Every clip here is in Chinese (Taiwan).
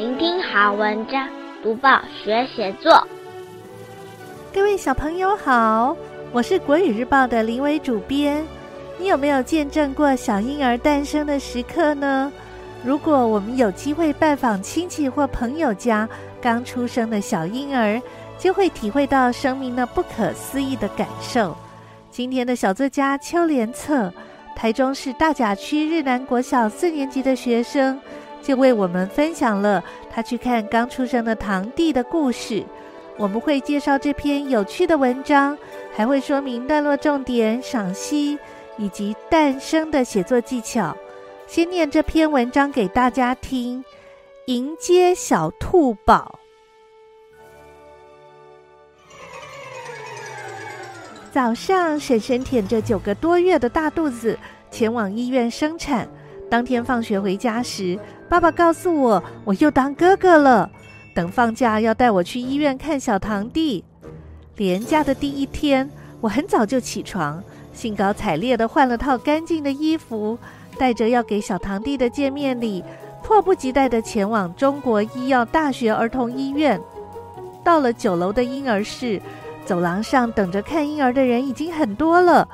聆聽好文章，讀報學寫作。各位小朋友好，我是國語日報的林偉主編。你有沒有見證過小嬰兒誕生的時刻呢？如果我們有機會拜訪親戚或朋友家剛出生的小嬰兒，就會體會到生命的不可思議的感受。今天的小作家邱連策，台中市大甲區日南國小四年級的學生。就為我們分享了他去看剛出生的堂弟的故事。我們會介紹這篇有趣的文章，還會說明段落重點、賞析以及誕生的寫作技巧。先念這篇文章給大家聽。迎接小兔寶，早上，嬸嬸腆着九個多月的大肚子前往醫院生產。當天放學回家時，爸爸告訴我，我又當哥哥了，等放假要帶我去醫院看小堂弟。連假的第一天，我很早就起床，興高采烈的換了套乾淨的衣服，帶着要給小堂弟的見面禮，迫不及待的前往中國醫藥大學兒童醫院。到了九樓的嬰兒室，走廊上等着看嬰兒的人已經很多了，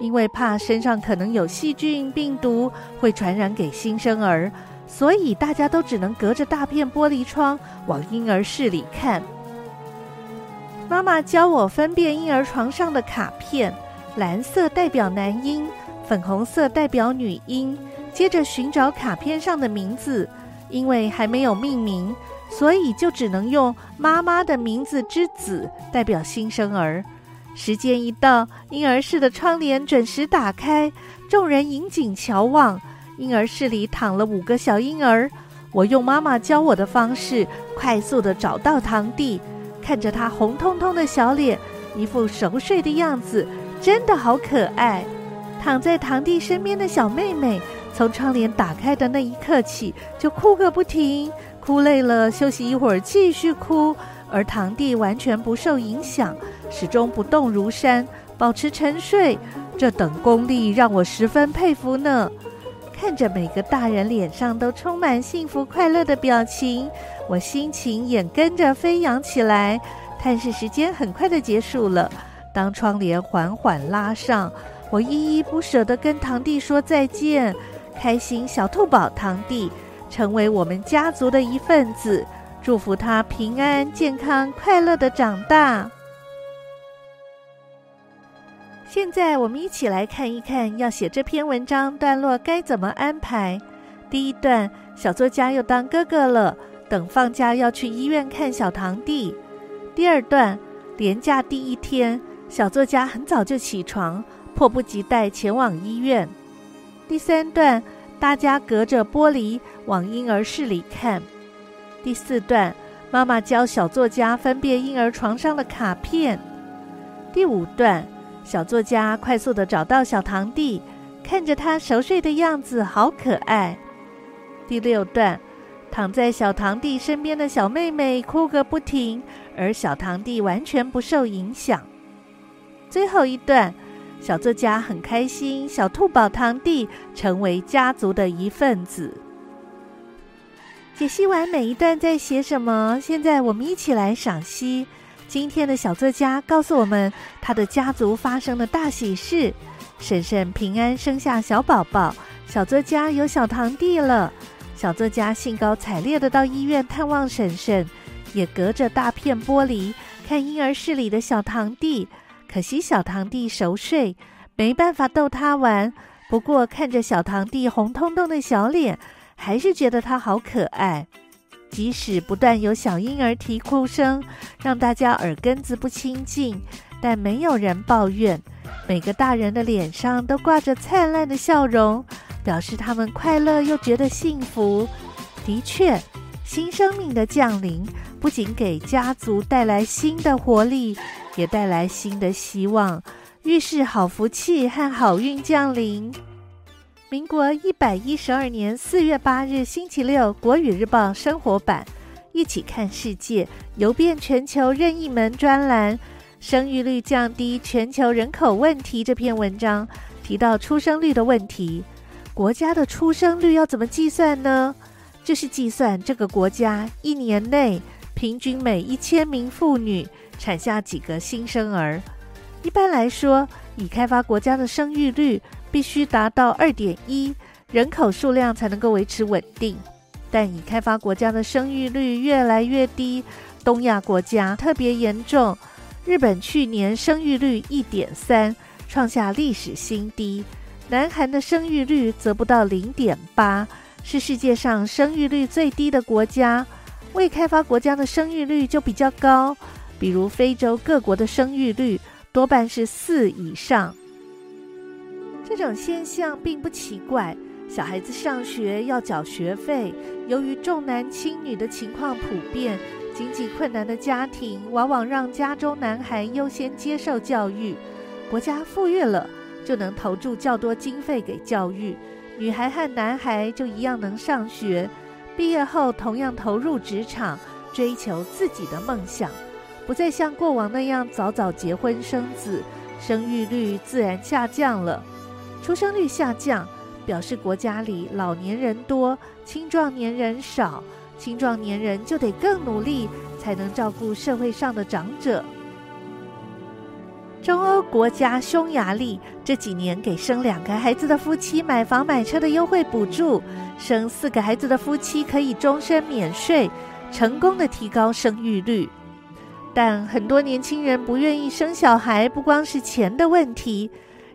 因為怕身上可能有細菌病毒會傳染給新生兒。所以大家都只能隔着大片玻璃窗往嬰兒室裡看。媽媽教我分辨嬰兒床上的卡片，藍色代表男嬰，粉紅色代表女嬰。接着尋找卡片上的名字，因為還沒有命名，所以就只能用媽媽的名字之子代表新生兒。時間一到，嬰兒室的窗簾準時打開，眾人引頸翹望。嬰兒室裡躺了五個小嬰兒，我用媽媽教我的方式，快速地找到堂弟，看着他紅彤彤的小臉，一副熟睡的樣子，真的好可愛。躺在堂弟身邊的小妹妹，從窗簾打開的那一刻起就哭個不停，哭累了休息一會兒，繼續哭，而堂弟完全不受影響，始終不動如山，保持沉睡。這等功力讓我十分佩服呢。看着每個大人臉上都充滿幸福快樂的表情，我心情也跟着飛揚起來。探視時間很快的結束了，當窗簾緩緩拉上，我依依不捨的跟堂弟說再見。開心小兔寶堂弟成為我們家族的一份子，祝福他平安健康快樂的長大。現在我們一起來看一看，要寫這篇文章段落該怎麼安排。第一段，小作家又當哥哥了，等放假要去醫院看小堂弟。第二段，連假第一天，小作家很早就起床，迫不及待前往醫院。第三段，大家隔着玻璃往嬰兒室裡看。第四段，媽媽教小作家分辨嬰兒床上的卡片。第五段，小作家快速的找到小堂弟，看着他熟睡的樣子，好可愛。第六段，躺在小堂弟身邊的小妹妹哭個不停，而小堂弟完全不受影響。最後一段，小作家很開心，小兔寶堂弟成為家族的一份子。解析完每一段在寫什麼，現在我們一起來賞析。今天的小作家告訴我們，他的家族發生了大喜事，嬸嬸平安生下小寶寶，小作家有小堂弟了。小作家興高采烈地到醫院探望嬸嬸，也隔着大片玻璃看嬰兒室裡的小堂弟。可惜小堂弟熟睡，沒辦法逗他玩。不過看着小堂弟紅彤彤的小臉，還是覺得他好可愛。即使不斷有小嬰兒啼哭聲，讓大家耳根子不清淨，但沒有人抱怨。每個大人的臉上都掛着燦爛的笑容，表示他們快樂又覺得幸福。的確，新生命的降臨不僅給家族帶來新的活力，也帶來新的希望，預示好福氣和好運降臨。民國一百一十二年四月八日星期六，《國語日報》生活版，一起看世界，遊遍全球任意門專欄，《生育率降低，全球人口問題》這篇文章提到出生率的問題。國家的出生率要怎麼計算呢？就是計算這個國家一年內平均每一千名婦女產下幾個新生兒。一般來說，已開發國家的生育率必須達到二點一，人口數量才能夠維持穩定。但已開發國家的生育率越來越低，東亞國家特別嚴重。日本去年生育率一點三，創下歷史新低。南韓的生育率則不到零點八，是世界上生育率最低的國家。未開發國家的生育率就比較高，比如非洲各國的生育率。多半是四以上，這種現象並不奇怪。小孩子上學要繳學費，由於重男輕女的情況普遍，經濟困難的家庭往往讓家中男孩優先接受教育。國家富裕了，就能投注較多經費給教育，女孩和男孩就一樣能上學，畢業後同樣投入職場，追求自己的夢想。不再像過往那樣早早結婚生子，生育率自然下降了。出生率下降，表示國家裡老年人多，青壯年人少，青壯年人就得更努力才能照顧社會上的長者。中歐國家匈牙利，這幾年給生兩個孩子的夫妻買房買車的優惠補助，生四個孩子的夫妻可以終身免稅，成功地提高生育率。但很多年輕人不願意生小孩，不光是錢的問題。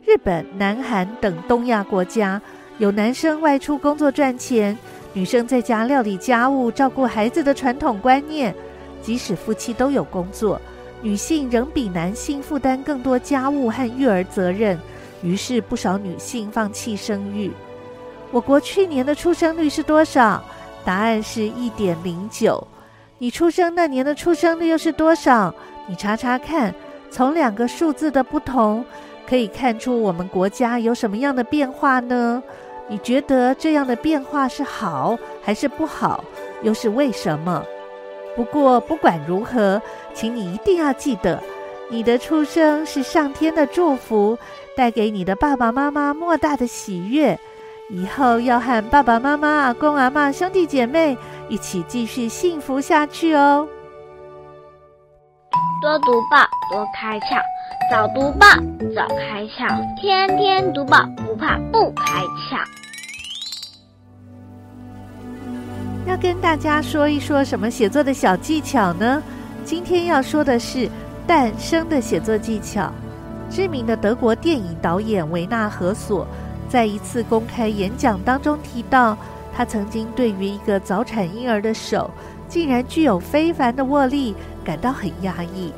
日本、南韓等東亞國家有男生外出工作賺錢，女生在家料理家務、照顧孩子的傳統觀念。即使夫妻都有工作，女性仍比男性負擔更多家務和育兒責任。於是不少女性放棄生育。我國去年的出生率是多少？答案是一點零九。你出生那年的出生率又是多少？你查查看，從兩個數字的不同，可以看出我們國家有什麼樣的變化呢？你覺得這樣的變化是好還是不好？又是為什麼？不過不管如何，請你一定要記得，你的出生是上天的祝福，帶給你的爸爸媽媽莫大的喜悅。以後要和爸爸媽媽、阿公阿嬤、兄弟姐妹一起繼續幸福下去哦。多讀報，多開竅；早讀報，早開竅；天天讀報，不怕不開竅。要跟大家說一說什麼寫作的小技巧呢？今天要說的是誕生的寫作技巧。知名的德國電影導演維納·何索。在一次公開演講當中提到，他曾經對於一個早產嬰兒的手竟然具有非凡的握力感到很壓抑。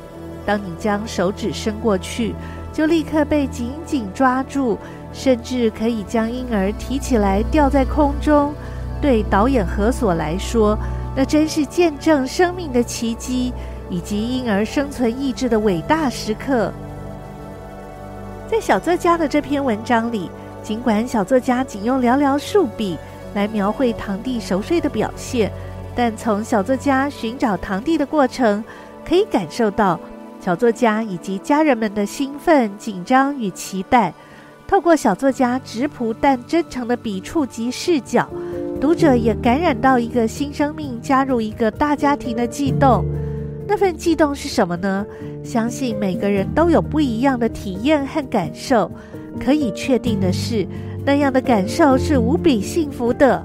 當你將手指伸過去，就立刻被緊緊抓住，甚至可以將嬰兒提起來吊在空中。對導演荷索來說，那真是見證生命的奇蹟以及嬰兒生存意志的偉大時刻。在小作家的這篇文章裡。儘管小作家僅用寥寥數筆來描繪堂弟熟睡的表現，但從小作家尋找堂弟的過程，可以感受到小作家以及家人們的興奮、緊張與期待。透過小作家質樸但真誠的筆觸及視角，讀者也感染到一個新生命加入一個大家庭的悸動。那份悸動是什麼呢？相信每個人都有不一樣的體驗和感受。可以確定的是，那樣的感受是無比幸福的。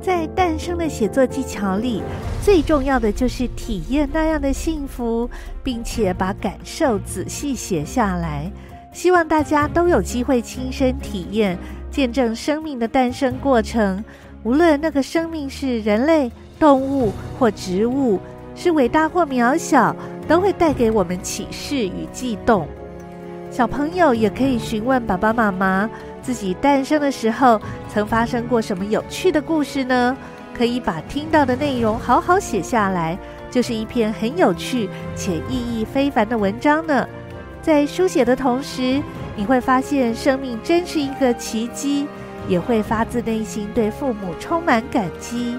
在誕生的寫作技巧裡，最重要的就是體驗那樣的幸福，並且把感受仔細寫下來。希望大家都有機會親身體驗，見證生命的誕生過程。無論那個生命是人類、動物或植物，是偉大或渺小，都會帶給我們啟示與悸動。小朋友也可以詢問爸爸媽媽，自己誕生的時候曾發生過什麼有趣的故事呢？可以把聽到的內容好好寫下來，就是一篇很有趣且意義非凡的文章呢。在書寫的同時，你會發現生命真是一個奇蹟，也會發自內心對父母充滿感激。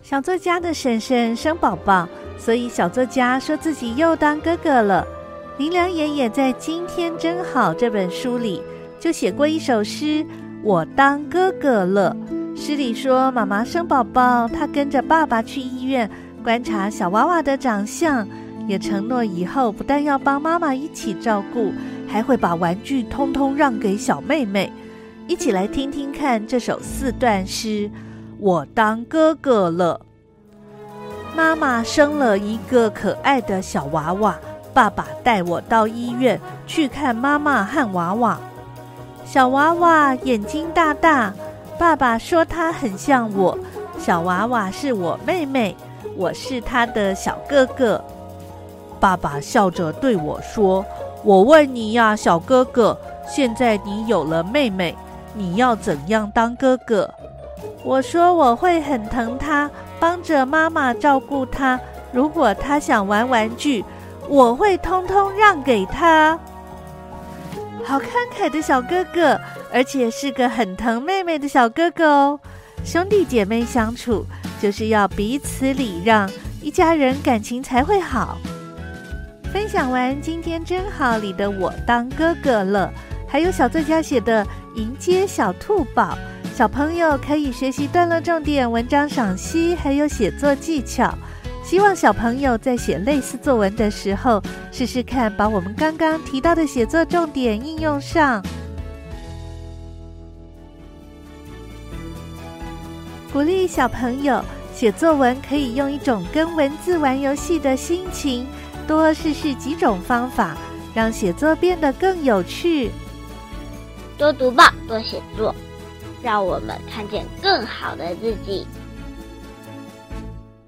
小作家的嬸嬸生寶寶，所以小作家說自己又當哥哥了。林良爺爺在《今天真好》這本書裡就寫過一首詩《我當哥哥了》，詩裡說：“媽媽生寶寶，他跟着爸爸去醫院觀察小娃娃的長相，也承諾以後不但要幫媽媽一起照顧，還會把玩具通通讓給小妹妹。”一起來聽聽看這首四段詩《我當哥哥了》。媽媽生了一個可愛的小娃娃。爸爸帶我到醫院去看媽媽和娃娃。小娃娃眼睛大大，爸爸說他很像我。小娃娃是我妹妹，我是他的小哥哥。爸爸笑着對我說：“我問你呀，小哥哥，現在你有了妹妹，你要怎樣當哥哥？”我說：“我會很疼她，幫着媽媽照顧她。如果她想玩玩具。”我會通通讓給他，好慷慨的小哥哥，而且是個很疼妹妹的小哥哥哦。兄弟姐妹相處就是要彼此禮讓，一家人感情才會好。分享完《今天真好》裡的我當哥哥了，還有小作家寫的《迎接小兔寶》，小朋友可以學習段落重點、文章賞析，還有寫作技巧。希望小朋友在寫類似作文的時候，試試看把我們剛剛提到的寫作重點應用上。鼓勵小朋友寫作文，可以用一種跟文字玩遊戲的心情，多試試幾種方法，讓寫作變得更有趣。多讀報，多寫作，讓我們看見更好的自己。